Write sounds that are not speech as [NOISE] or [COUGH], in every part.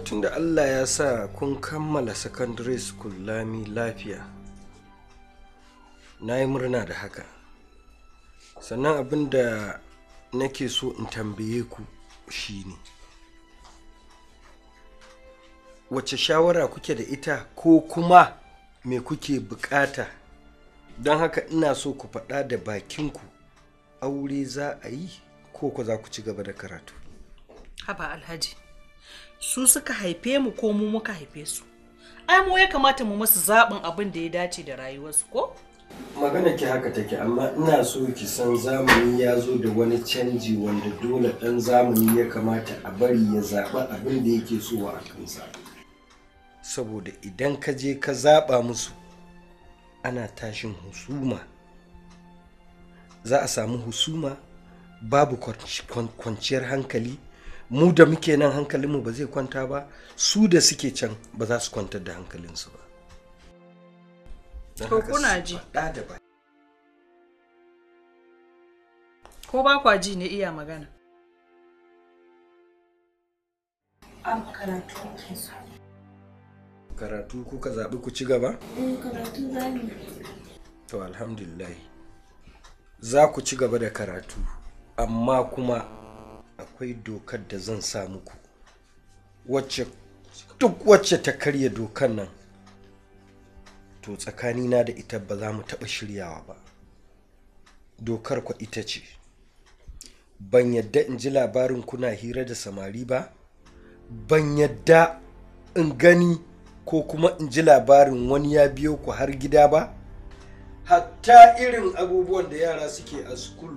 to da allah ya sa kun kammala secondary school lami lafiya na yi murna da haka sannan abin da nake so in tambaye ku shine wace shawara kuke da ita ko kuma me kuke bukata don haka ina so ku faɗa da bakinku aure za a yi ko ku za ku ci gaba da karatu haba alhaji su suka haife mu ko mu muka haife su ai mu ya kamata mu masu zaɓin abin da ya dace da rayuwarsu ko magana ki haka take amma ina so ki san zamani ya zo da wani canji wanda dole ɗan zamani ya kamata a bari ya zaɓa abin da yake so a kansa saboda idan ka je ka zaɓa musu ana tashin husuma za a samu husuma babu kwanciyar hankali mu da muke nan hankalinmu ba zai kwanta ba su da suke can ba za su kwantar da hankalinsu ba kuna ji ko ba kwa ji ne iya magana karatu karatu kuka zaɓi ku ci gaba? Eh, karatu za to alhamdulillah za ku ci gaba da karatu amma kuma akwai dokar da zan sa muku wacce duk wacce ta karya dokar nan to tsakani na da ita ba za mu taɓa shiryawa ba dokar ku ita ce ban yadda in ji labarin kuna hira da samari ba ban yadda in gani ko kuma in ji labarin wani ya biyo ku har gida ba hatta irin abubuwan da yara suke a school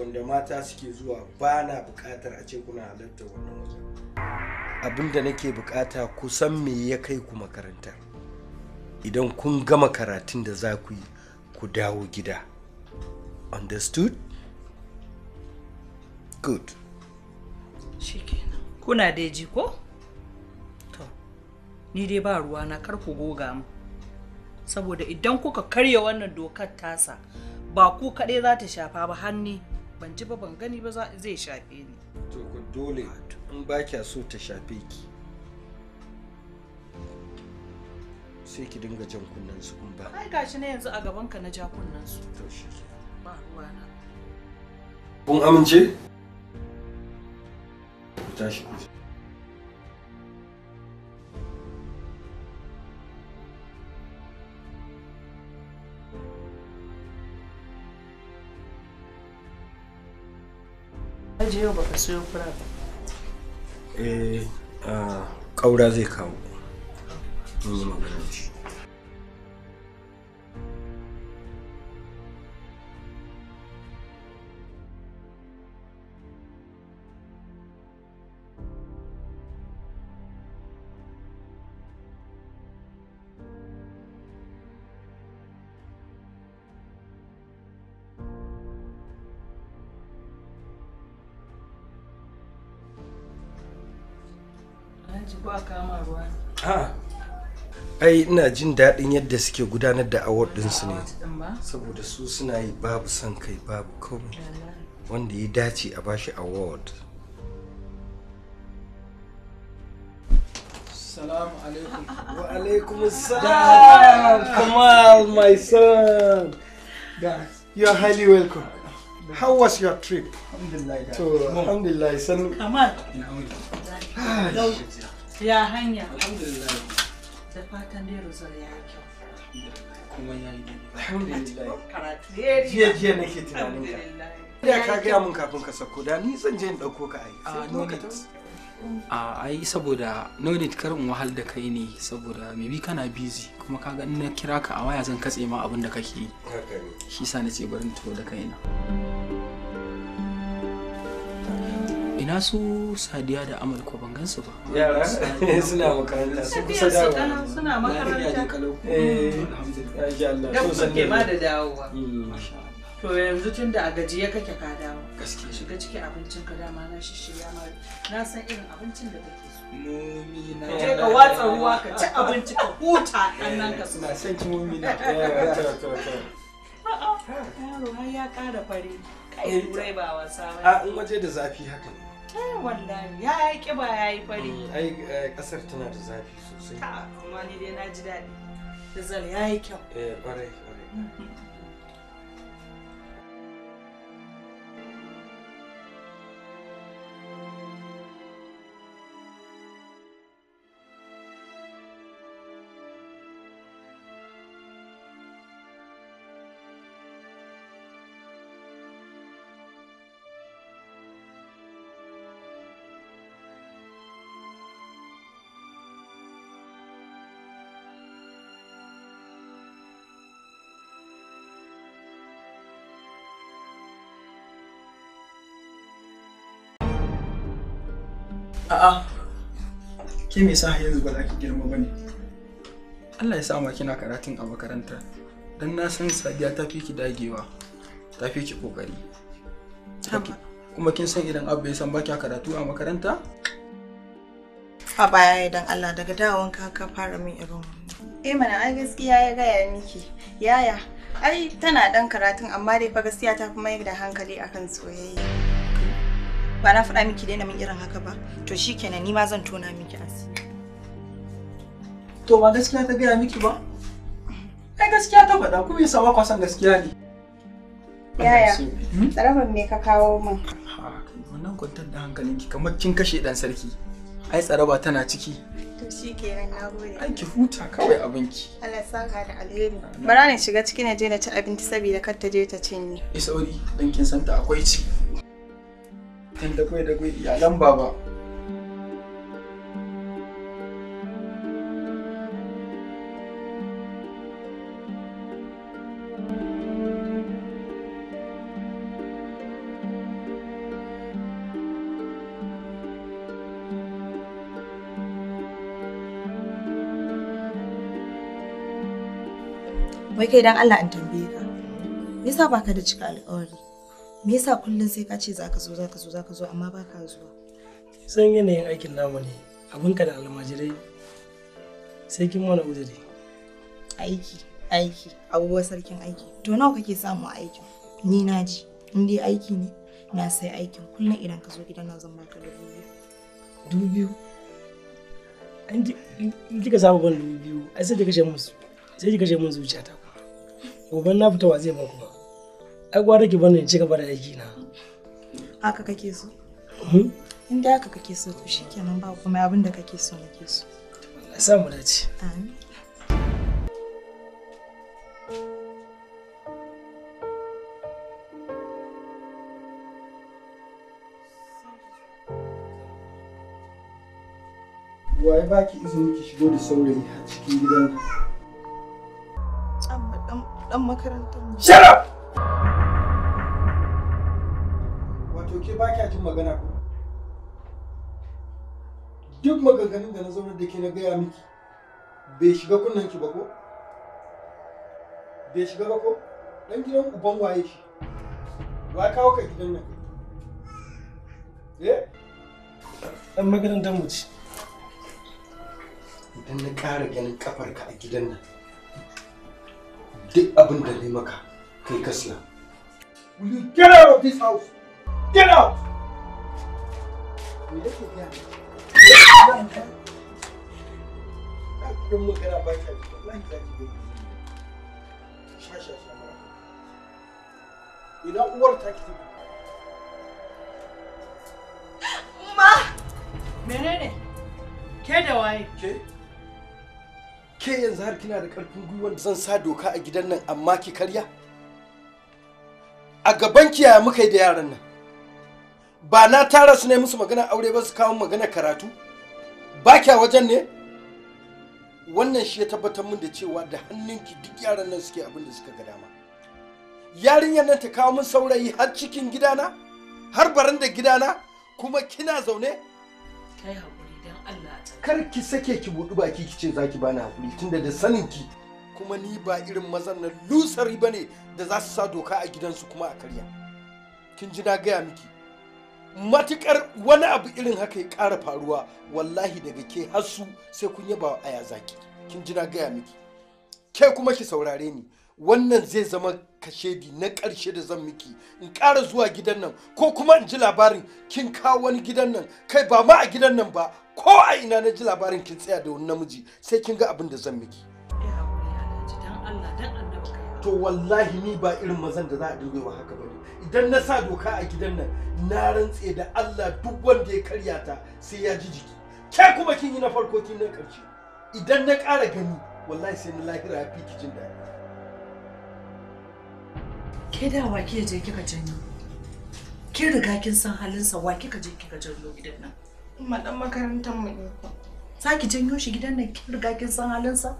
wanda mata suke zuwa ba na bukatar a ce kuna halarta wannan wajen abin da nake bukata kusan me ya kai ku makaranta idan kun gama karatun da za ku yi ku dawo gida understood good shikenan kuna da ji ko to ni dai ba ruwa na kar ku goga mu saboda idan kuka karya wannan dokar tasa ba ku kaɗai za ta shafa ba hanni ban ji ba ban gani ba zai shafe ni to ku dole in ba kya so ta shafe ki sai ki dinga jan kunnen su kun ba ai gashi na yanzu a gaban ka na ja kunnen su to shi ba ruwana kun amince ku tashi ku ajiye professor ka É a ƙaura de kawo mun yi ai ina jin daɗin yadda suke gudanar da award ɗinsu ne saboda su suna yi babu son kai babu komai wanda ya dace a bashi award Assalamu alaikum. Wa alaikum salam. Kamal, my son. You are highly welcome. How was your trip? Alhamdulillah. To, alhamdulillah. Kamal. Ya hanya. Alhamdulillah. da fatan dai ka da ka gaya ni zan je in ɗauko ka a ah, ah, ai saboda no karin wahal da kai ne saboda maybe kana busy kuma kaga in na kira ka a waya zan katse ma abin da kake yi shi sa na ce barin to da kaina. ina su sadiya da amal ko ban gansu ba yara [LAUGHS] suna makaranta su kusa dawowa suna makaranta eh, eh alhamdulillah ya Allah ma da dawowa mm, to yanzu tun da a ya kake ka dawo gaskiya shiga cikin abincin ka dama na shishiya ma na san irin abincin da kake so ka na je ka watsa ruwa ka ci abinci ka huta nan ka suna san ki momi na [LAUGHS] eh, yaro har ya kara fari kai turai ba wasa ba a in waje da zafi haka Mm, eh ya yi kiba ya yi fari. Ai kasar tana da zafi sosai. Amma ni dai na ji daɗi. Rizal ya yi kyau. Eh kwarai kwarai. Mm-hmm. A'a. Ke me yasa har yanzu ba za ki girma ba ne? Allah ya sa ma kina karatun a makaranta. Dan na san Sadiya ta fi ki dagewa, ta fi ki kokari. Kuma kin san idan abu ya san ba kya karatu a makaranta? A baya idan Allah daga dawon ka ka fara min irin Eh mana ai gaskiya ya gaya miki. Yaya, ai tana dan karatun amma dai fa gaskiya ta fi mai da hankali akan soyayya. ba na faɗa miki daina min irin haka ba to shikenan ni ma zan tona miki asiri to ba gaskiya ta gaya miki ba ai gaskiya ta faɗa kuma yasa ba kwasan gaskiya ne yaya hmm? tsaraban me ka kawo min wannan kwantar da hankalinki kamar kin kashe dan sarki ai tsaraba tana ciki to shikenan gode ai ki huta kawai abinki Allah saka da alheri bara ne shiga ciki na je na ci abinci saboda kar ta je ta cinye isauri dan kin santa akwai ci da kwai da kwai iyalan baba wai kai don Allah in tambaye ka me yasa baka da cika alƙawari me yasa kullum sai ka ce za ka zo za ka zo za ka zo amma ba ka zuwa san yanayin aikin namu ne abin ka da almajirai sai kin mana uzuri aiki aiki abubuwa sarkin aiki to nawa kake samu aikin ni na ji in dai aiki ne na sai aikin kullum idan ka zo gidan na zan baka dubu biyu dubu biyu in kika samu ban dubu biyu ai sai kika kashe musu sai kika kashe mun zuciyata gobe na fita wa zai ba ku ba ai gwara ki bane ci gaba da aiki na haka kake so hmm? in da haka kake so to shikenan ba kuma abin da kake so nake so Allah sa mu dace amin Waye baki izini ki shigo da saurayi a cikin gidan? Amma dan makarantar mu. Shut up! ba kya jin magana ko duk maganganun da na zaunar da ke na gaya miki bai shiga kunnen ki ba ko bai shiga ba ko dan gidan uban waye shi wa kawo ka gidan nan eh dan makarantar mu muci idan na ƙara ganin kafarka a gidan nan duk abin da ne maka kai kasla will you get out of this house Get out! Ma! Menene? Ke da waye? Ke? Ke yanzu har kina da ƙarfin gwiwar zan sa doka a gidan nan amma ki karya? A gaban kiyaye muka yi da yaran nan. ba na tara su ne musu magana aure ba su kawo magana karatu ba kya wajen ne wannan shi ya tabbatar min da cewa da hannunki duk yaran nan suke abin da suka ga dama yarinyar nan ta kawo min saurayi har cikin gidana har barin da gidana kuma kina zaune kai hakuri dan Allah kar ki sake ki budu baki ki ce zaki bani hakuri tunda da sanin ki kuma ni ba irin mazan nan lusari bane da za su sa doka a gidansu kuma a karya kin ji na gaya miki matukar wani abu irin haka ya ƙara faruwa wallahi daga ke hasu sai kun yaba aya zaki kin jina gaya miki ke kuma ki saurare ni wannan zai zama kashedi na ƙarshe da zan miki in ƙara zuwa gidan nan ko kuma in ji labarin kin kawo wani gidan nan kai ba ma a gidan nan ba ko a ina na ji labarin kin tsaya da wani namiji sai kin ga abin da zan miki to wallahi ni ba irin mazan da za a wa haka ba idan na sa doka a gidan nan na rantse da Allah duk wanda ya karya ta sai ya ji jiki ke kuma kin yi na farko kin na karshe idan na ƙara gani wallahi sai na lahira ya fi kicin da ke da wa ke je kika janyo ke riga kin san halinsa wa kika je kika janyo gidan nan madan makarantar mu ne ki janyo shi gidan nan kin riga kin san halinsa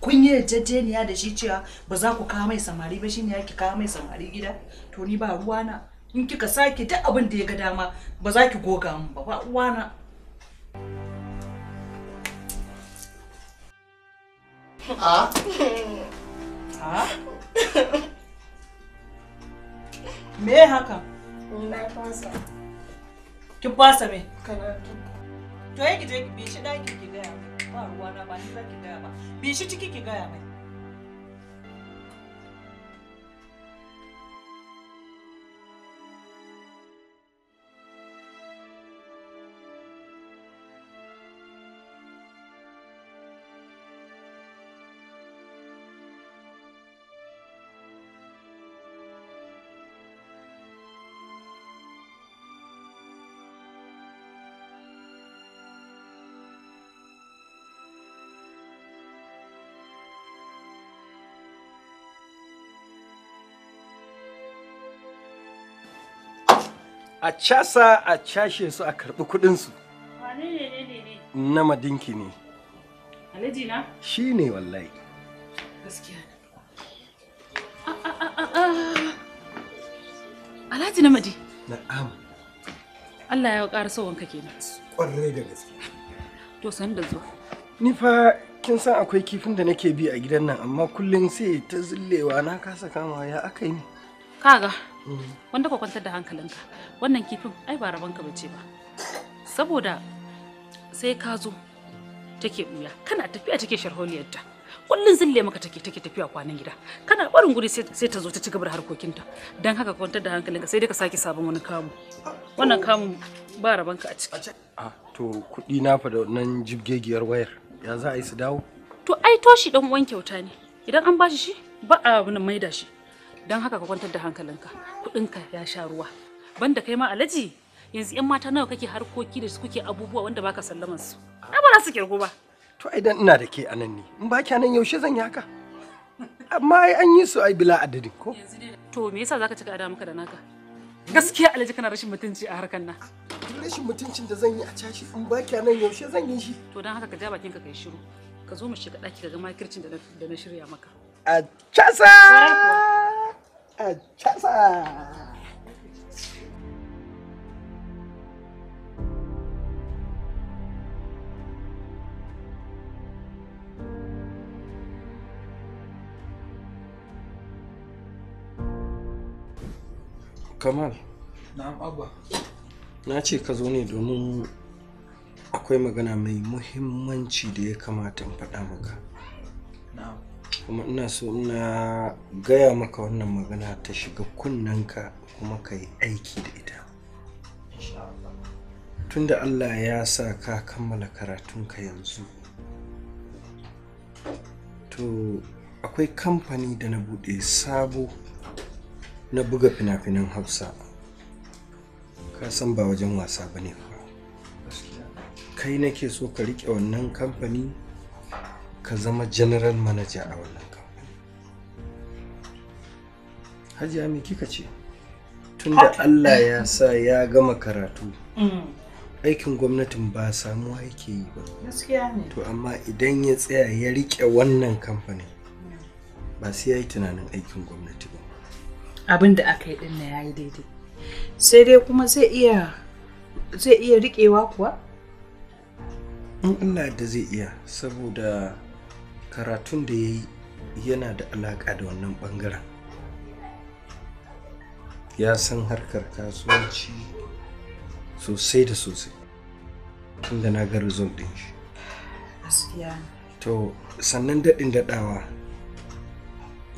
kun yi yarjejeniya da shi cewa ba za ku kawo mai samari ba shine yake kawo mai samari gida to ni ba na in kika sake duk abin da ya ga dama ba za ki goga min ba ba uwana a a me haka na fasa ki fasa me karatu to yake je ki bi shi daki ki gaya. ba ruwa na ba ni zaki gaya ba a casa a cashe su a karɓi kuɗinsu. Wane ne ne ne? Na madinki ne. Alhaji na? Shi ne wallahi. Gaskiya ne. Alhaji na madi. Na'am. Allah ya ƙara sauwan sauwanka kenan. Ƙwarai da gaske. To san da zo. Ni fa kin san akwai kifin da nake bi a gidan nan amma kullum sai ta zullewa na kasa kama ya aka yi ne. Kaga wanda ka kwantar da hankalinka wannan kifin ai ba rabanka bace ba saboda sai ka zo take buya kana tafiya take sharholiyarta kullun zille maka take take tafiya kwanan gida kana barin guri sai ta zo ta ci da harkokinta dan haka kwantar da hankalinka sai dai ka sake sabon wani kamu wannan kamun ba rabanka a ciki a to kudi na fa da wannan jibgegiyar wayar ya za a yi su dawo to ai toshi dan uwan kyauta ne idan an bashi shi ba a mai da shi don haka ka kwantar da hankalinka kuɗinka ya sha ruwa banda kai ma alaji yanzu yan mata nawa kake harkoki da su kuke abubuwa wanda baka sallaman su ai ba su kirgo ba to ai dan ina da ke anan ne in ba anan yaushe zan yi haka amma ai an yi su ai bila adadin ko to me yasa zaka cika ada maka da naka gaskiya alaji kana rashin mutunci a harkan nan rashin mutuncin da zan yi a cashi in ba anan yaushe zan yi shi to dan haka ka ja bakin ka kai shiru ka zo mu shiga daki ka ga makircin da na shirya maka a casa a Kamal. Na'am Abba. Na ce ka zo ne domin akwai magana mai muhimmanci da ya kamata in faɗa maka. kuma ina so ina gaya maka wannan magana ta shiga kunnanka kuma ka yi aiki da ita tunda allah ya sa ka kammala karatun ka yanzu to akwai kamfani da na bude sabo na buga fina-finan hausa ka san ba wajen wasa ba ne kai nake so ka rike wannan kamfani ka zama general manager a wannan kamfani hajiya me kika ce tunda allah ya sa ya gama karatu mm. aikin gwamnatin ba samuwa yake yi ba to amma idan ya tsaya ya rike wannan kamfanin ba sai ya yi tunanin aikin gwamnati ba abin da aka yi din na ya yi daidai sai dai kuma zai iya zai iya riƙewa kuwa? in Allah da zai iya saboda karatun da ya yi yana da alaƙa da wannan ɓangaren ya san harkar kasuwanci sosai da sosai tunda na ga result ɗin shi to sannan daɗin daɗawa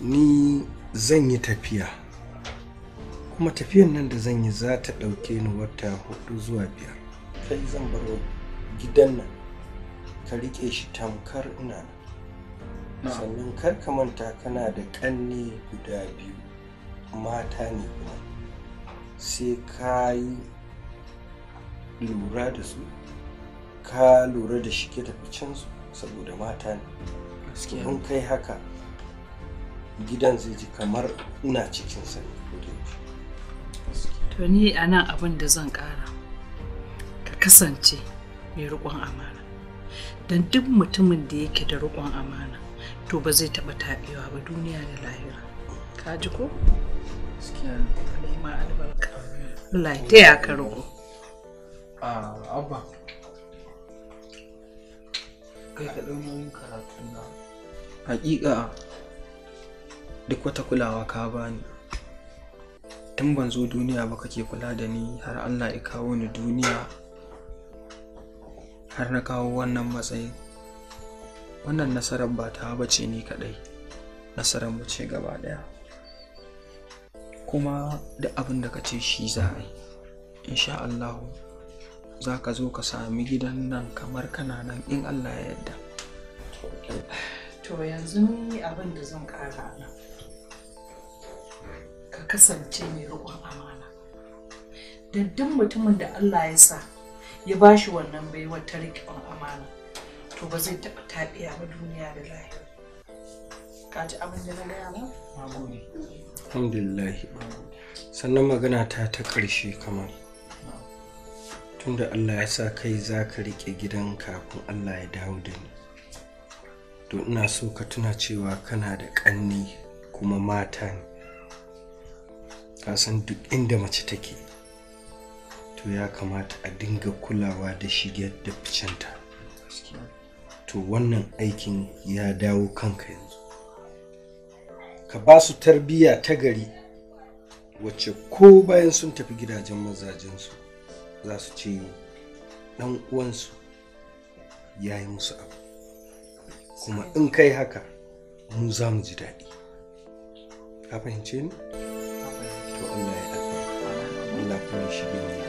ni zan yi tafiya kuma tafiyan nan da zan yi za ta ɗauke ni wata hudu zuwa biyar kai zan baro gidan nan ka riƙe shi tamkar ina sannan kar ka manta kana da ƙanne guda biyu mata ne kuma sai ka yi lura da su ka lura da shi da su saboda mata ne in kai haka gidan zai ji kamar ina da ne to ni a nan abin da zan ƙara ka kasance mai riƙon amana don duk mutumin da yake da riƙon amana to ba zai taba taɓewa ba duniya da lahira ka ji ko ma albarka Allah ya ka roƙo abba kai ka ɗan karatu na hakika duk wata kulawa ka bani tun ban zo duniya ba kake kula da ni har Allah ya kawo ni duniya har na kawo wannan matsayin wannan nasarar ba ta bace ni kaɗai nasarar mu ce gaba ɗaya kuma da abin da ka ce shi za a yi insha Allah za ka zo ka sami gidan nan kamar kana nan in Allah ya yarda to yanzu ni abin da zan ƙara nan ka kasance mai riƙon amana da mutumin da Allah ya sa ya bashi wannan baiwar ta riƙon amana to ba zan taɓa taɓiya ba duniya da lahi ka ji abin da na gaya alhamdulillah sannan magana ta ta ƙarshe kamar tunda Allah ya sa kai za ka riƙe gidan kafin Allah ya dawo da ni to ina so ka tuna cewa kana da ƙanni kuma mata ne ka san duk inda mace take to ya kamata a dinga kulawa da shigar da ficenta to wannan aikin ya dawo kanka yanzu ka ba su tarbiyya ta gari wacce ko bayan sun tafi gidajen mazajensu za su ce dan uwansu ya yi musu abu kuma in kai haka mu za mu ji daɗi ka fahimce ni? to Allah ya Allah kuma shi ne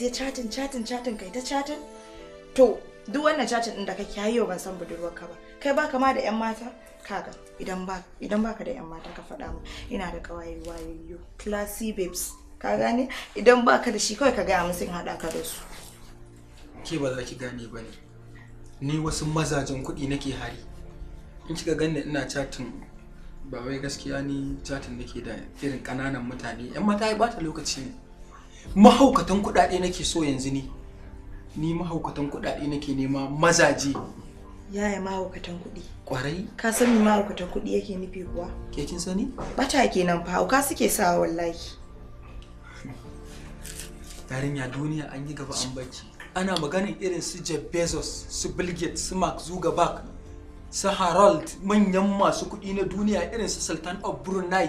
sai chatin chatin chatin kai ta chatin to duk wannan chatin din da kake yayo ban san budurwarka ba kai baka ma da yan mata kaga idan ba idan baka da yan mata ka faɗa mu ina da kawaye wayoyi classy babes ka gane idan baka da shi kawai ka gaya musu in haɗa ka da su ke ba za ki gane ba ne ni wasu mazajen kuɗi nake hari in kika ganni ina chatin ba wai gaskiya ni chatin nake da irin ƙananan mutane yan mata ya bata lokaci ne mahaukatan kuɗaɗe nake so yanzu ni ni mahaukatan kuɗaɗe nake nema mazaje yaya mahaukatan kuɗi ƙwarai ka ni mahaukatan kuɗi yake nufi kuwa ke kin sani bata kenan fa hauka suke sa wallahi yarinya duniya an yi gaba an baki ana maganin irin su Jeff Bezos su Bill Gates su Mark Zuckerberg su Harold manyan masu kuɗi na duniya irin su Sultan of Brunei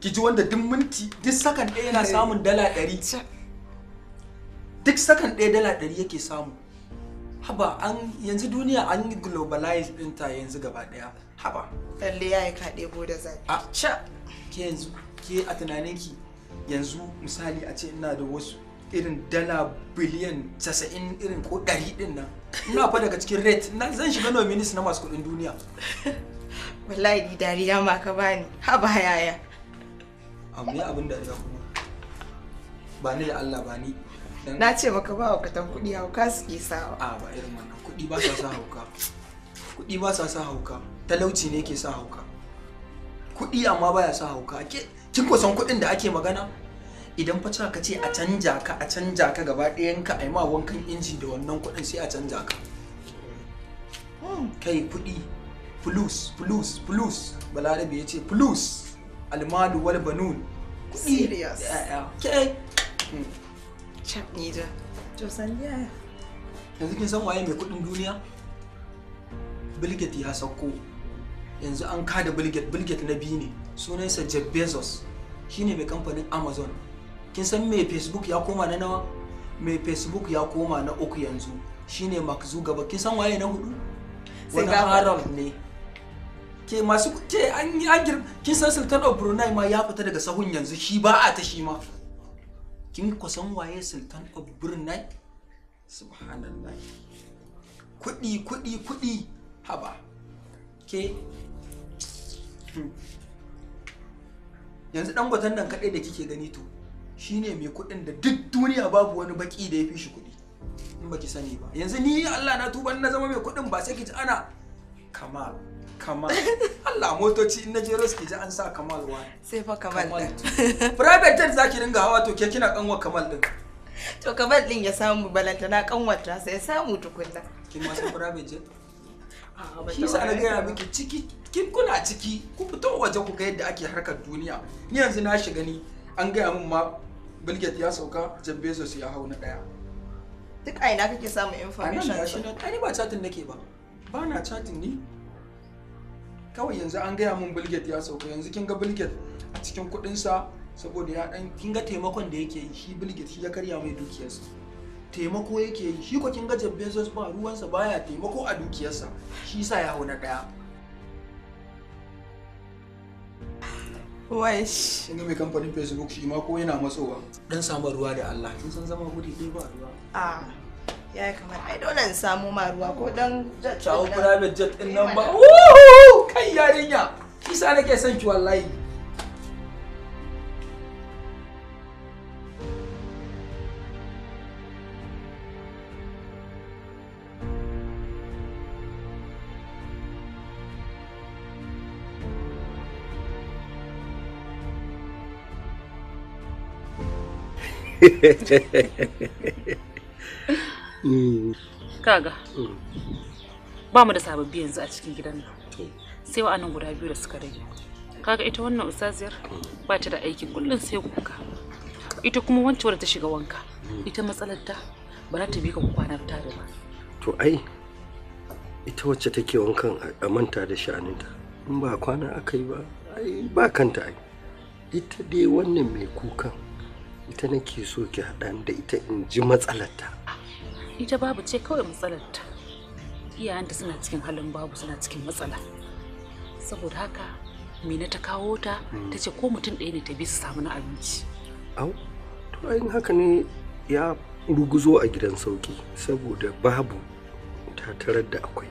ki ji wanda duk minti duk sakan ɗaya yana samun dala ɗari duk sakan ɗaya dala ɗari yake samu haba an yanzu duniya an yi globalize ɗinta yanzu gaba ɗaya haba lalle ya yi kaɗe ko da zai a ca ke yanzu ke a tunaninki yanzu misali a ce ina da wasu irin dala biliyan 90 irin ko 100 din nan ina fa daga cikin rate na zan shiga nominis na masu kuɗin duniya [LAUGHS] wallahi ni dariya ma ka bani haba yaya amma ya abin dariya kuma ba ni da Allah ba ni na ce maka ba wa katan kuɗi hauka suke sawa a ba irin wannan kuɗi ba sa sa hauka kuɗi ba sa sa hauka talauci ne ke sa hauka kuɗi amma baya sa hauka kin san kuɗin da ake magana idan fa ka ce a canja ka a canja ka gaba ɗayan ka ai ma wankan inji da wannan kuɗin sai a canja ka hmm. kai kuɗi plus plus plus balarabe ya ce plus almalu wal banun kuɗi da ya'ya ke hmm. can ni da yanzu kin san waye mai kuɗin duniya bilget ya sauko yanzu an kada bilget bilget na biyu ne sunansa jeff bezos shine mai kamfanin amazon kin san mai facebook ya koma na nawa mai facebook ya koma na uku yanzu shine mark zuckerberg kin san waye na hudu wani harold ne ke masu ke an yi an girma kin san sultan of brunei ma ya fita daga sahun yanzu shi ba a ta shi ma kin ku san waye sultan of brunei subhanallah kuɗi kuɗi kuɗi haba ke hmm. yanzu gwatan nan kaɗai da kike gani to shine mai kuɗin da duk duniya babu wani baki da ya fi shi kuɗi in baki sani ba yanzu ni Allah na tuban na zama mai kuɗin ba sai ki ana kamal kamal Allah motoci in naje roski ji an sa kamal wa sai fa kamal din private jet zaki dinga hawa to ke kina kanwa kamal din to kamal din ya samu balanta na kanwata sai ya samu tukunna kin ma san private jet shi sa na gaya miki ciki kin kuna ciki ku fito waje ku ga yadda ake harkar duniya ni yanzu na shiga ni an gaya min ma bilget ya sauka jeff bezos ya hau na daya duk a ina kake samun information a nan ai ba chatin nake ba ba na chatin ni kawai yanzu an gaya mun bilget ya sauka yanzu kin ga bilget a cikin kudinsa saboda ya dan kin ga taimakon da yake yi shi bilget shi ya karya mai dukiyarsa taimako yake yi shi ko kin ga Jeff Bezos ba ruwansa baya taimako a dukiyarsa shi sa ya hauna daya Wai shi. Kin ga mai kamfanin Facebook shi ma ko yana matsowa. Dan samu ruwa da Allah. Kin san zama gudi dai ba ruwa. Ah. Ya kamar ai dole in samu ma ruwa ko dan jet. Shawo private jet din nan ba. Woo! kai yarinya kisa nake son ki wallahi kaga mm. ba mu da sababbi yanzu a cikin gidan nan sai wa'annan guda biyu da suka rage kaga ita wannan ustaziyar ba ta da aiki kullum sai kuka ita kuma wancan wadda ta shiga wanka ita matsalar ta ba za ta bi ka kwanar ta ba to ai ita wacce take wankan a manta da sha'aninta in ba kwana aka yi ba ai ba kanta ai ita dai wannan mai kukan ita nake so ki haɗa da ita in ji matsalarta ita babu ce kawai matsalarta iyayenta suna cikin halin babu suna cikin matsala saboda haka mina ta kawo ta hmm. ta ce ko mutum ɗaya ne ta bi su samu na abinci au to ayin haka ne ya ruguzo a gidan sauki saboda babu ta tarar da akwai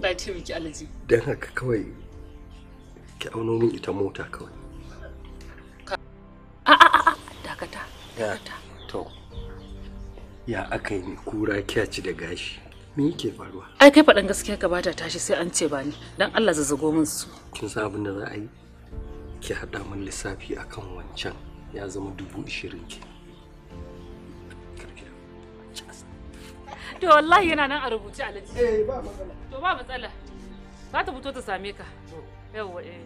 ba ce miki alaji don haka kawai ki auno min ita mota kawai a a a dakata dakata to ya aka yi kura ci da gashi me yake faruwa ai kai faɗan gaskiya ka bata tashi sai an ce ba ni. dan Allah zazzago min su kin san abin da za a yi ki haɗa min lissafi akan wancan ya zama dubu ishirin ke. to wallahi yana nan a rubuce a eh ba matsala to ba matsala za ta fito ta same ka yawwa eh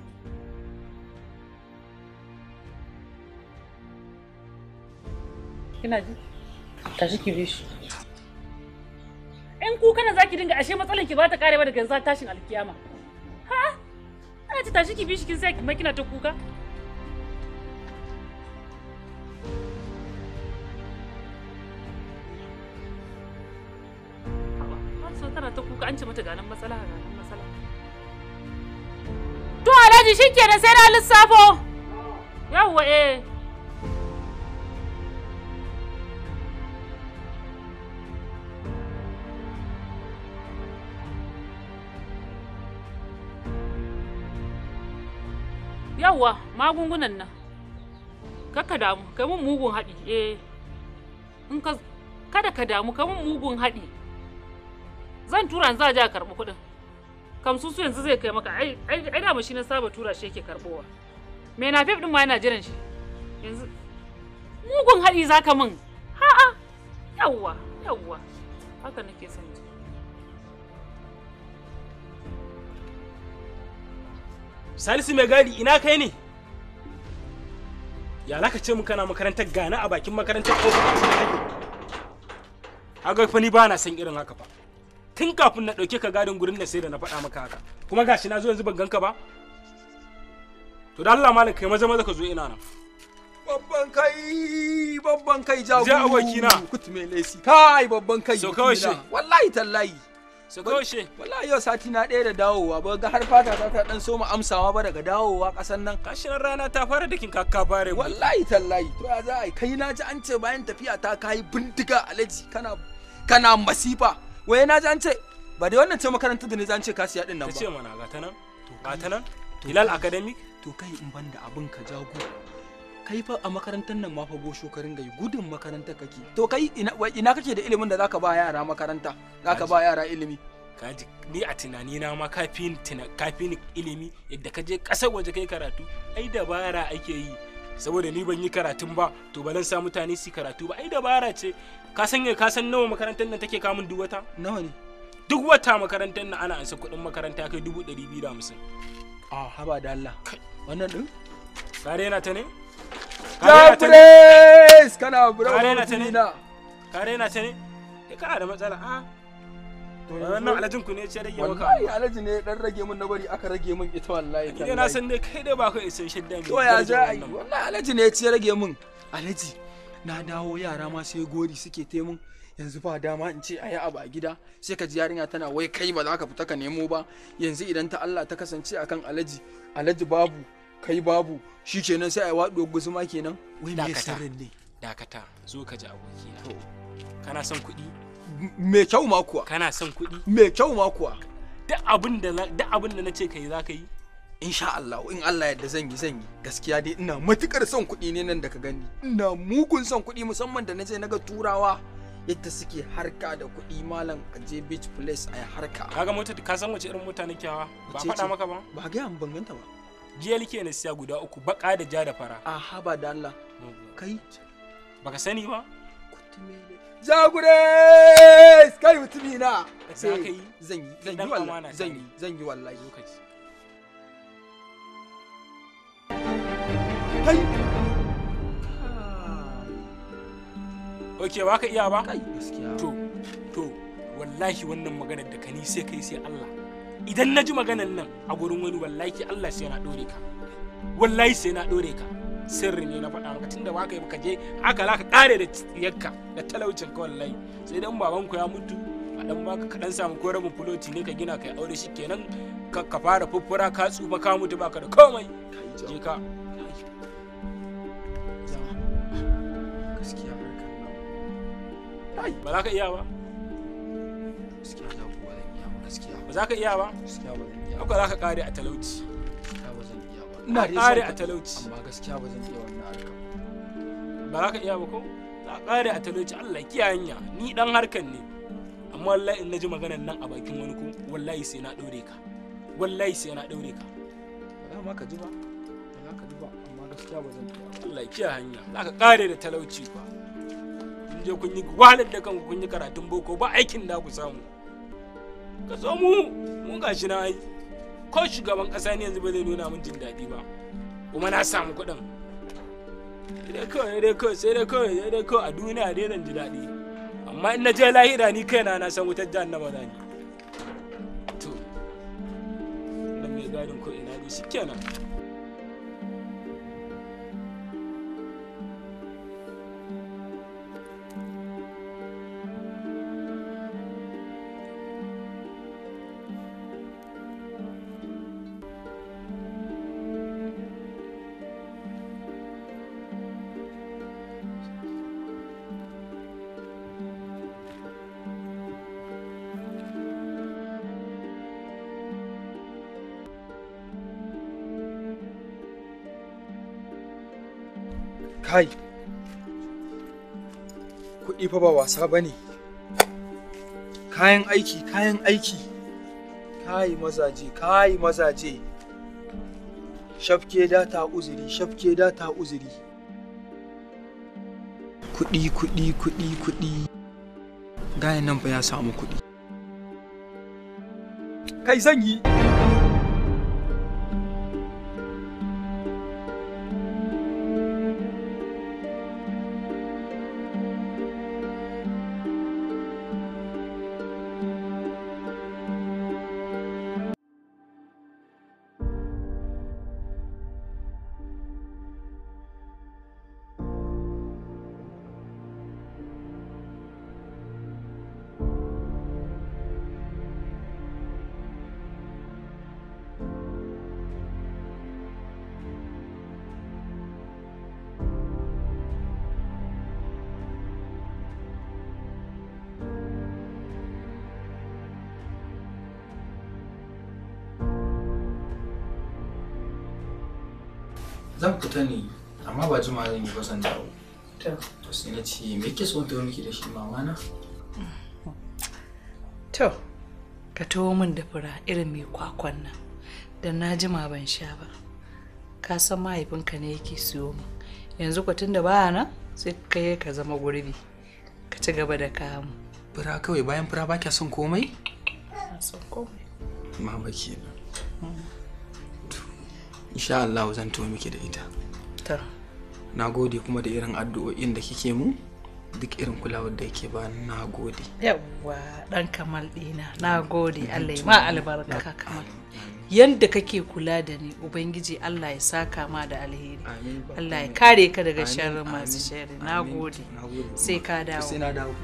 kina ji tashi ki bi shi kuka za ki dinga ashe matsalar ki ba ta kare ba daga za tashin alkiyama ha ana ta tashi ki bishi kin sai kuma kina ta kuka Hafsa tana ta kuka an ce mata ganin matsala ganin matsala to alhaji shikenan sai na lissafo yawwa eh Yawwa magungunan nan. Kaka damu, kai mun mugun haɗi. Eh. In ka kada ka damu, kai mun mugun haɗi. Zan tura za a je a karɓi kuɗin. su yanzu zai kai maka ai ai dama na saba tura shi yake karɓowa. Me na fif din ma yana jiran shi. Yanzu mugun haɗi zaka min. Ha'a. Yawwa, yawwa. Haka nake sani. Salisu mai gadi ina kai ne? Ya laka ce muka na makarantar gana a bakin makarantar ko Aga fa ni ba na san irin haka fa. Tun kafin na ɗauke ka gadin gurin da sai da na faɗa maka haka. Kuma gashi na zo yanzu ban ganka ba. To da Allah malam kai maza maza ka zo ina nan. Babban kai babban kai jago. Ja na. Kutume lesi. Kai babban kai. So kawai shi. Wallahi tallahi. su kaushe wallahi yau sati na ɗaya da dawowa ba ga har fata ta ta dan soma amsawa ba daga dawowa kasan nan kashin rana ta fara dakin kakka fare wallahi tallahi to ya za a kai na ji an ce bayan tafiya ta kai bindiga alaji kana kana masifa wai na ji an ce ba da wannan ce makarantar da ne an ce ka siya din nan ba ce mana ga ta nan to ga ta nan hilal academic to kai in banda abin ka jago kai fa a makarantar nan ma fa gosho ka ringa gudun makaranta kake to kai ina ina kake da ilimin da zaka ba yara makaranta zaka ba yara ilimi kaji ni a tunani na ma kafin kafin ilimi yadda ka je kasar waje kai karatu ai dabara ake yi saboda ni ban yi karatun ba to ba zan sa mutane su karatu ba ai dabara ce ka san ka san nawa makarantar nan take kamun duk wata nawa ne duk wata makarantar nan ana ansa kuɗin makaranta kai dubu ɗari biyu da hamsin a ah, haba da Allah wannan ɗin sare na ta ne Ya Prince! Kana bura wani na. Kare na ta ne? Kai eh, kana da matsala a? Ah. Wannan alajin ku ne ce rage maka. Wallahi alaji ne dan rage min na bari aka rage min ita wallahi. Ni na san dai kai dai ba kai isan shidda ne. To ya ja ai. Wallahi alaji ne ce rage min. Alaji na dawo yara ma sai gori suke taimun yanzu ba dama in ce a yi abu a gida sai ka ji yarinya tana wai kai ba za ka fita ka nemo ba yanzu idan ta Allah ta kasance akan alaji alaji babu kai babu shi nan sai a yi waɗo guzuma nan wani me sarin ne dakata zo ka ji aboki na kana son kuɗi me kyau ma kuwa kana son kuɗi mai kyau ma kuwa duk abin da na ce ka yi za ka yi insha Allah in Allah yadda zan yi zan yi gaskiya dai ina matukar son kuɗi ne nan da ka gani ina mugun son kuɗi musamman da na nace naga turawa yadda suke harka da kuɗi malam a je beach place a harka kaga mota ka san wace irin mota nake ba faɗa maka ba ba ga yan banganta ba jiya like na siya guda uku baka da ja da fara a ah, haba da Allah kai baka sani ba jagure kai mutumi na sai kai eh, zan yi zan yi wallahi zan yi zan yi wallahi lokaci kai ok ba ka iya ba kai gaskiya to to wallahi wannan maganar da kani sai kai sai Allah idan na ji maganan nan a gurin wani wallahi Allah sai na dore ka wallahi sai na dore ka sirri ne na faɗa maka tunda ba ka yi baka je haka za ka kare da yakka da talaucin ka wallahi sai dan baban ku ya mutu a dan baka ka dan samu ko rabin fuloti ne ka gina kai aure shi kenan ka ka fara fuffura ka tsufa ka mutu baka da komai je ka gaskiya ba za ka iya ba ba za ka iya ba gaskiya za ka kare a talauci gaskiya ba kare a talauci amma gaskiya ba zan iya wannan harka ba za ka iya ba ko za ka kare a talauci Allah kiyaye hanya ni dan harkar ne amma wallahi in naji maganar nan a bakin wani ko wallahi sai na daure ka wallahi sai na daure ka ba za ka ji ba ba za ka ji ba amma gaskiya ba zan iya Allah kiyaye hanya za ka kare da talauci ba kun je kun yi wahalar da kanku kun yi karatun boko ba aikin da ku samu ka zo mu mun shi na ai ko shugaban kasa ne yanzu ba zai nuna mun jin daɗi ba kuma na samu kuɗin dai kawai dai kawai sai dai kawai dai kawai a duniya dai zan ji daɗi amma in na je lahira ni kaina na san wutar annaba za ni to dan mai gadin ko ina dai shikenan fa ba wasa ba ne kayan aiki kayan aiki kayi mazaje kayi mazaje shafke data uzuri shafke data uzuri kuɗi kuɗi kuɗi kuɗi gayan nan ba ya samu kuɗi kai zan yi zan fita ne amma ba jima zan yi ba zan dawo to sai na ce me ke so da miki da shi mama na to ka taho min da fura irin mai kwakwan nan da na jima ban sha ba ka san mahaifinka ne yake siyo min yanzu ko tunda ba nan sai kai ka zama gurbi ka ci gaba da kamu fura kawai bayan fura ba kya son komai son komai mama kenan insha Allah zan to miki da ita ta na gode kuma da irin addu'o'in da kike mu duk irin kulawar da yake ba na gode yawwa dan kamal dina na gode Allah ma albarka kamal yanda kake kula da ni ubangiji Allah ya saka ma da alheri Allah ya kare ka daga sharrin masu sharri na gode sai ka dawo dawo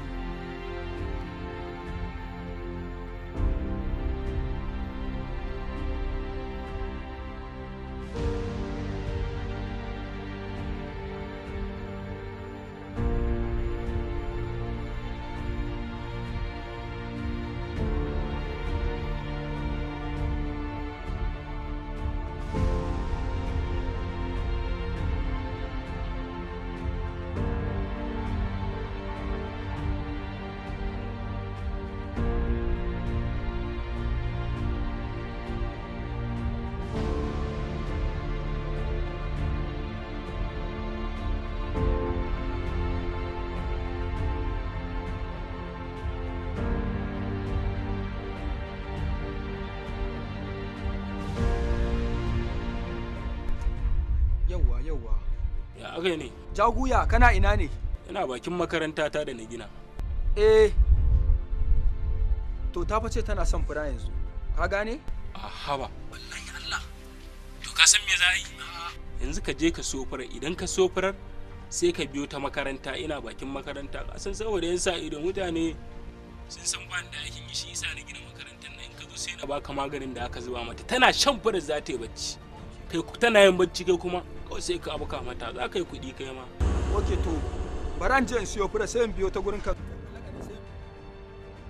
aka ne jaguya kana ina ne ina bakin makaranta ta da na gina eh to ta fice tana son fura yanzu ka gane a haba wallahi Allah to ka san me za a yi yanzu ka je ka so furar idan ka so furar sai ka biyo ta makaranta ina bakin makaranta ka san saboda yan sa idan mutane sun san ban da aikin yi shi yasa na gina makarantar nan in ka zo sai na baka maganin da aka zuba mata tana shan fura za ta yi bacci kai tana yin bacci kai kuma ko sai ka abuka mata za ka yi kuɗi kai ma ok to baran je in siyo fura sai in biyo ta gurin ka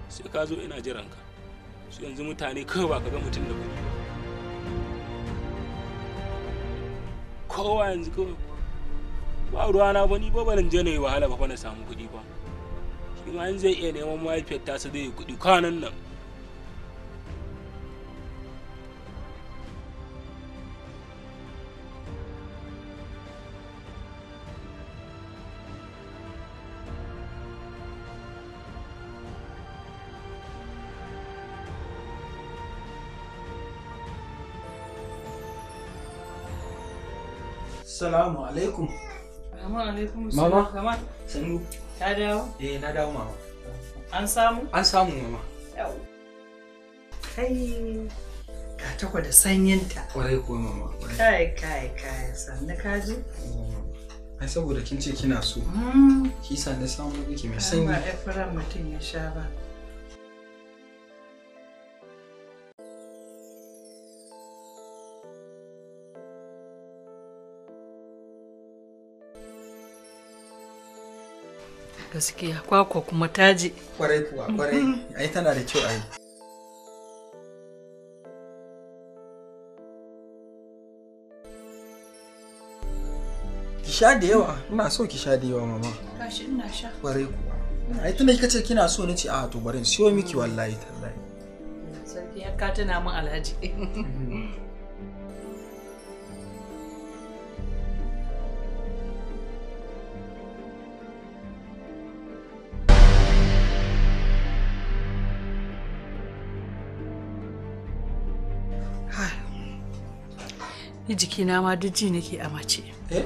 sai ka zo ina jiran ka su yanzu mutane kawai ba ka ga mutum da kuɗi kowa yanzu kawai ba ruwa na bani ni ba barin je na yi wahala ba fa na samu kuɗi ba shi ma in zai iya neman mahaifiyar ta su zai yi kuɗi kwanan nan Assalamu alaikum. Assalamu alaikum. Mama. Mama. Sanu. Ka dawo? Eh na dawo mama. An samu? An samu mama. Yau. Kai ka takwa da sanyinta. Kwarai kuwa mama. Kai kai kai sannu ka ji? Ai saboda kin ce kina so. Kisa mm. na samu miki mai sanyi. Ba ɗaya mutum ya sha ba. gaskiya kwakwa kuma taji kwarai kuwa kwarai mm-hmm. ai tana da kyau ai ki sha da yawa ina so ki sha da yawa mama kashi ina sha kwarai kuwa ai tunda kika ce kina so ci a ah, to bari siyo miki wallahi tallahi sarki ya ka tana mun alhaji mm-hmm. ni jikina ma duk ji nake a mace eh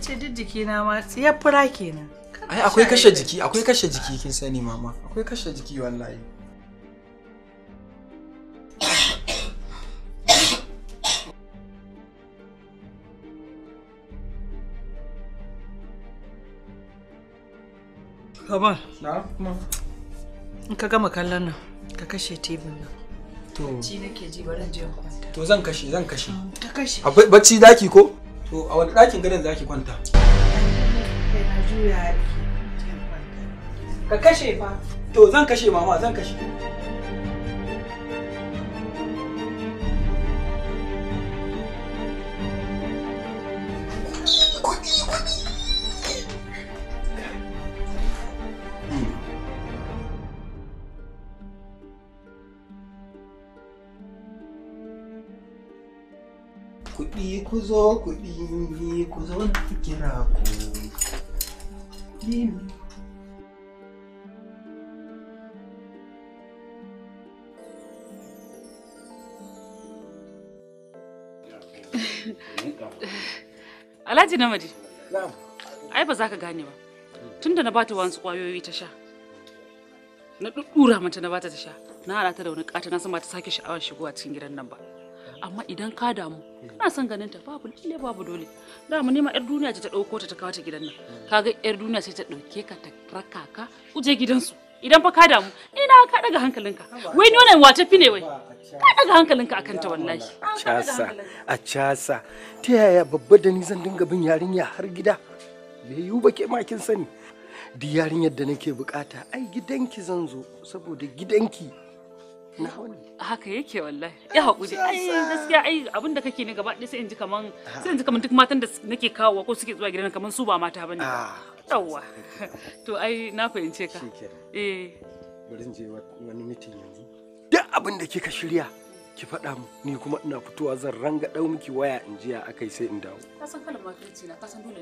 ce duk jikina ma ya fura kenan ai akwai kashe jiki akwai kashe jiki kin sani mama akwai kashe jiki wallahi Kamal. Na? kuma. In ka gama kallon nan, ka kashe tibin nan. bacci nake ji bari in je kwanta to zan kashe zan kashe mm, ka kashe a bacci daki ko to a wani dakin gadon zaki kwanta kai na juya ka kashe fa to zan kashe mama zan kashe so kuɗi ne ku zo na kira ku [LAUGHS] Alhaji namiji. Ai ba za ka gane ba. Tunda na bata wasu kwayoyi ta sha. Na ɗuɗɗura mata na bata ta sha. Na haɗa ta da wani ƙata na san ba ta sake sha'awar shigowa cikin gidan nan ba. amma idan ka damu kana son ganin ta babu lalle babu dole mu nema yar duniya ce ta dauko ta ta kawo ta gidan nan hmm. kaga yar duniya sai ta dauke ka ta raka ka kuje gidansu idan fa ka damu ina ka daga hankalinka wai ni wannan wata fi ne wai ka daga hankalinka akan ta wallahi chasa a casa ta yaya babba da ni zan dinga bin yarinya har gida bai yiwu ba ke ma kin sani di yarinyar da nake bukata ai gidanki zan zo saboda gidanki haka yake wallahi ya haƙuri ai gaskiya ai abin da kake ne gaba ɗaya sai in ji kaman sai in ji kaman duk matan da nake kawo ko suke zuwa gidan kaman su ba mata bane ah. yawwa [LAUGHS] to ai na fahimce ka eh bari in je wani mitin yanzu duk abin da kika shirya ki faɗa mu ni kuma ina fitowa zan ranga ɗau miki waya in jiya akai sai in dawo ka san kalmar kirci na ka san dole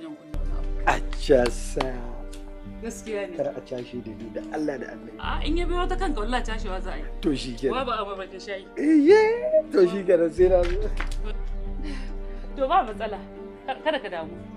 gaskiya ne kar a cashe da ni da Allah da Allah a in ya biyo ta kanka wallahi cashewa za a yi to shi kenan babu abu ba ta shayi eh to shi kenan sai na zo to ba matsala kada ka damu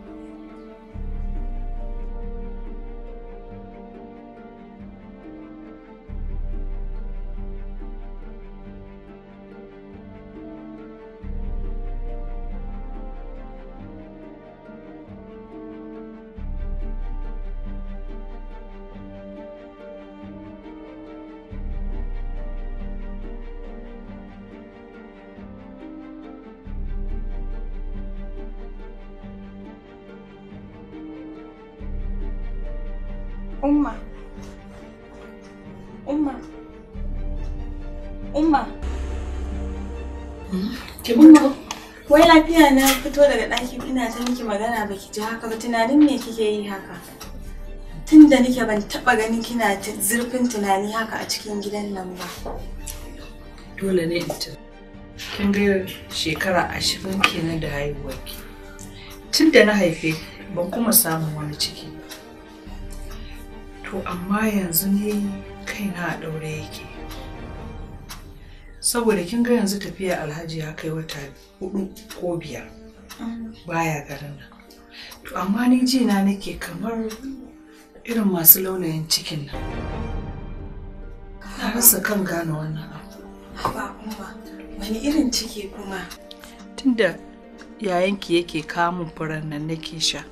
fito daga ɗaki ina ta miki magana baki ji haka ba tunanin me kike yi haka tun da nike ban taɓa ganin kina ta zurfin tunani haka a cikin gidan nan ba dole ne ita kin ga shekara ashirin kenan da haihuwarki tun da na haife ban kuma samun wani ciki to amma yanzu ne kaina a ɗaure yake saboda kin ga yanzu tafiya alhaji ya kai wata hudu ko biyar baya garin nan to amma ni ji na nake kamar irin masu launayin cikin nan na rasa kan gane wannan abu ba kuma wani irin ciki kuma tunda yayanki yake kamun furan nan nake sha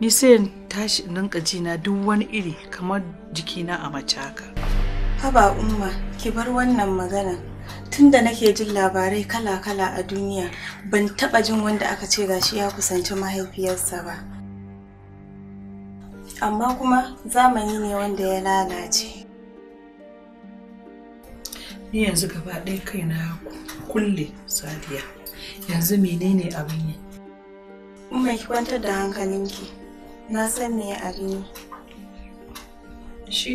ni sai in tashi in rinka jina na duk wani iri kamar jikina a mace haka haba umma ki bar wannan magana tunda nake jin labarai kala-kala a duniya ban taba jin wanda aka ce gashi ya kusanci mahaifiyarsa ba amma kuma zamani ne wanda ya lalace ni yanzu gaba ɗaya kaina kulle sadiya yanzu menene abin yi mai kwantar da hankalinki na san me abin yi shi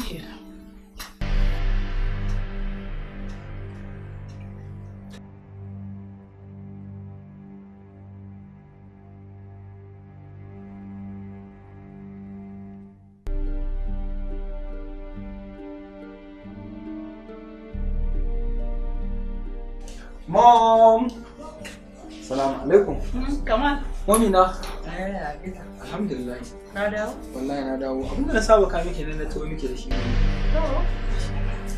Mom! Salam alaikum. Hmm, Mami na. Alhamdulillah. Na dawo? Wallahi na dawo. Abinda na saba ka miki nan na miki da shi.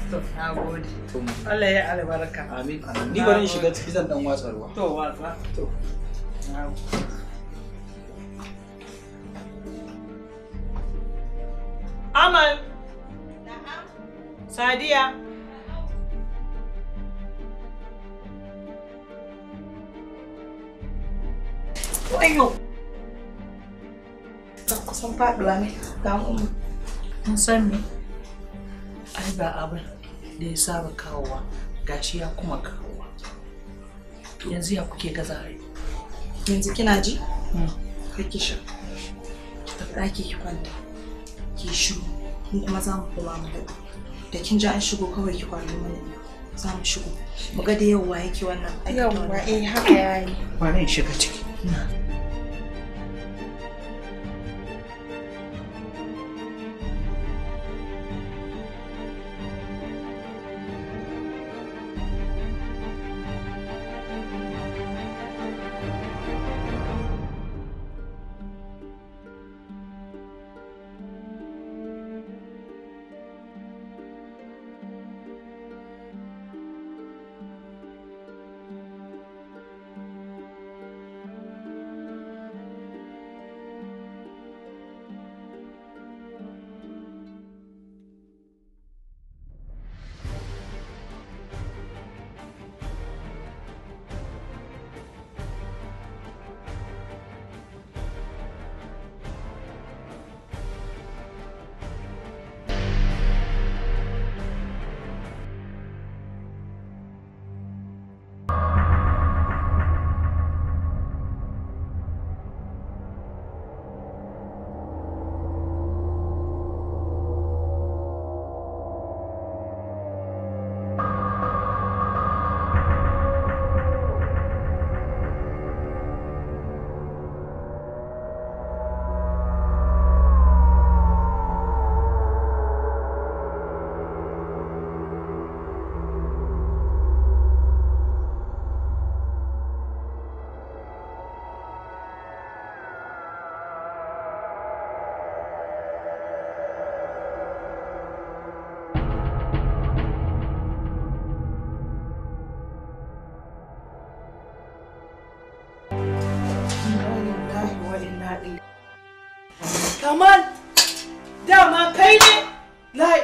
To, na gode. Allah ya albarka. Amin. Ni bari in shiga ciki dan watsa ruwa. To, watsa. To. Na Amal. Sadiya. ko ayo ka kusan faduwa ne ga mu an san me ai ba abin da ya saba kawowa gashi ya kuma kawowa yanzu ya kuke gaza rai yanzu kina ji kake sha ki tafi ɗaki ki kwanta ki shiru kun kuma za mu koma mu da kin ji an shigo kawai ki kwanta mana za mu shigo mu ga da yawwa yake wannan aikin yawwa eh haka yayi bari in shiga ciki 啊。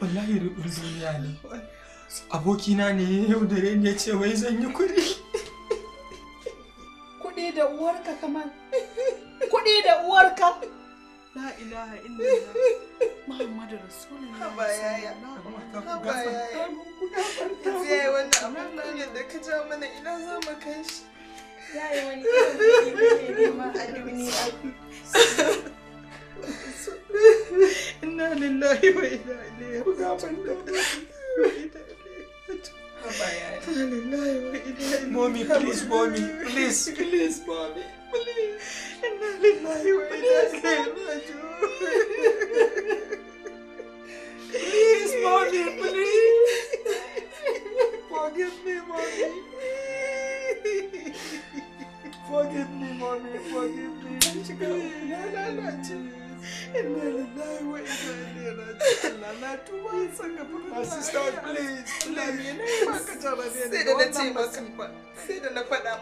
wallahi rubin duniya ne abokina ne yau da rain ya ce wai zan yi kuɗi kuɗi da uwarka kamar kuɗi da uwarka la ilaha illallah [LAUGHS] muhammadu rasulullah haba yi haba yaya yanzu yayi wannan abin da ka ja mana ina za mu kai shi Ya yi wani irin ne ma a duniya [LAUGHS] إنا لله وإنا إليه Mommy, please, mommy, please, please, mommy, please. إنا لله وإنا إليه راجعون. Please, mommy, please. Forgive me, mommy. Forgive me, mommy. Forgive me. Inna lillahi wa inna ilaihi raji'un. Na tuba san ga fara. My sister please please. Maka jara ne. Sai da na ce maka sai da na faɗa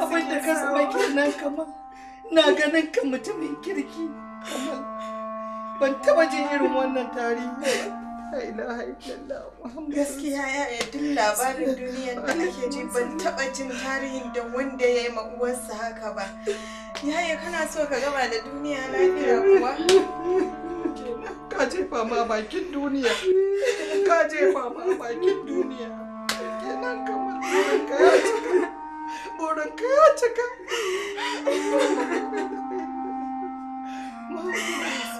Abin da ka zama kenan kamar na ganin ka mutumin kirki kamar ban taba jin irin wannan tarihi ba. gaskiya ya yadda labarin duniyar da nake ji ban taba jin tarihin da wanda ya yi uwarsa haka ba yaya kana so ka gama da duniya lafiya kuwa ka je fama bakin duniya ka jefa ma bakin duniya kenan kamar burinka ya cika burinka ya cika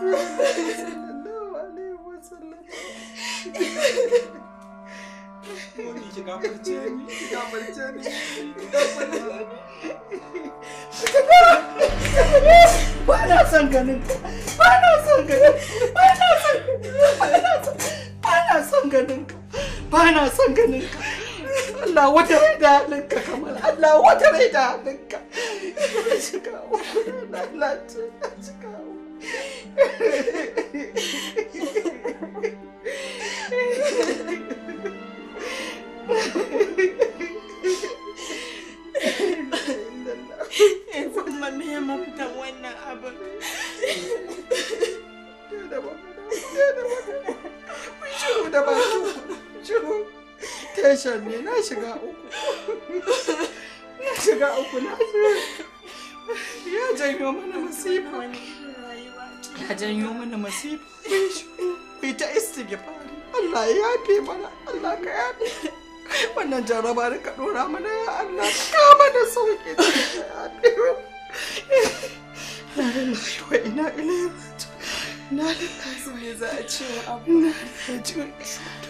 Thank [LAUGHS] Moni ki gafarce ni, ki gafarce ni, ki ka, ba na ka, ba na ka. Allah wata rai da halinka Allah [LAUGHS] wata rai da halinka. Na [LAUGHS] na shiga uku na shiga uku na ya janyo mana masifa ya janyo mana masifa mai ta istighfari Allah ya yafe mana Allah ka ya yafe wannan jaraba da ka dora mana ya Allah ka mana sauki da yafe na lillahi wa ina ilaihi raji'un na lillahi wa za a ce wa abu na lillahi